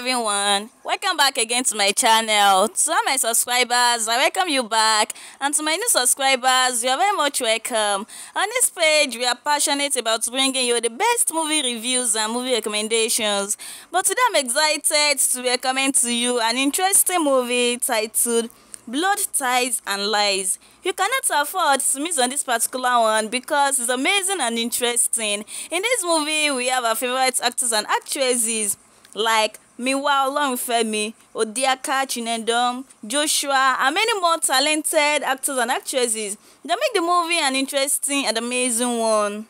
everyone welcome back again to my channel to all my subscribers i welcome you back and to my new subscribers you are very much welcome on this page we are passionate about bringing you the best movie reviews and movie recommendations but today i'm excited to recommend to you an interesting movie titled blood ties and lies you cannot afford to miss on this particular one because it's amazing and interesting in this movie we have our favorite actors and actresses like Miwa Olorunfemi, Odiaka Chinedom, Joshua, and many more talented actors and actresses that make the movie an interesting and amazing one.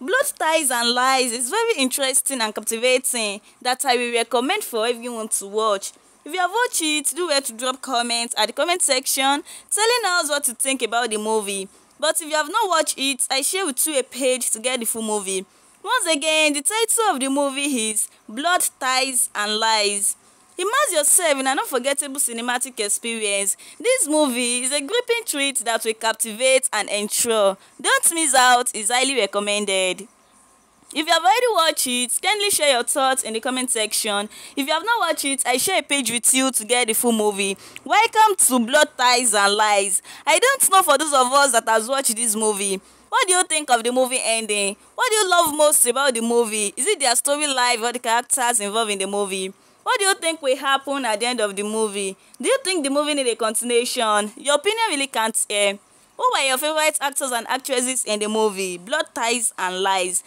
Blood Ties and Lies is very interesting and captivating that I will recommend for everyone to watch. If you have watched it, do well to drop comments at the comment section telling us what you think about the movie. But if you have not watched it, I share with you a page to get the full movie. Once again, the title of the movie is Blood, Ties and Lies. Immerse yourself in an unforgettable cinematic experience. This movie is a gripping treat that will captivate and ensure. Don't miss out it's highly recommended. If you have already watched it, kindly share your thoughts in the comment section. If you have not watched it, I share a page with you to get the full movie. Welcome to Blood Ties and Lies. I don't know for those of us that has watched this movie. What do you think of the movie ending? What do you love most about the movie? Is it their story life or the characters involved in the movie? What do you think will happen at the end of the movie? Do you think the movie need a continuation? Your opinion really can't air. Who were your favorite actors and actresses in the movie? Blood Ties and Lies.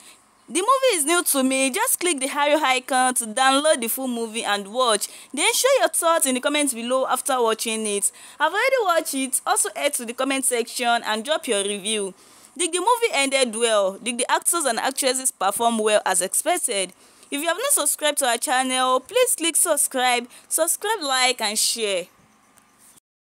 The movie is new to me. Just click the Harry icon to download the full movie and watch. Then share your thoughts in the comments below after watching it. I've already watched it. Also head to the comment section and drop your review. Did the movie ended well? Did the actors and actresses perform well as expected? If you have not subscribed to our channel, please click subscribe, subscribe, like and share.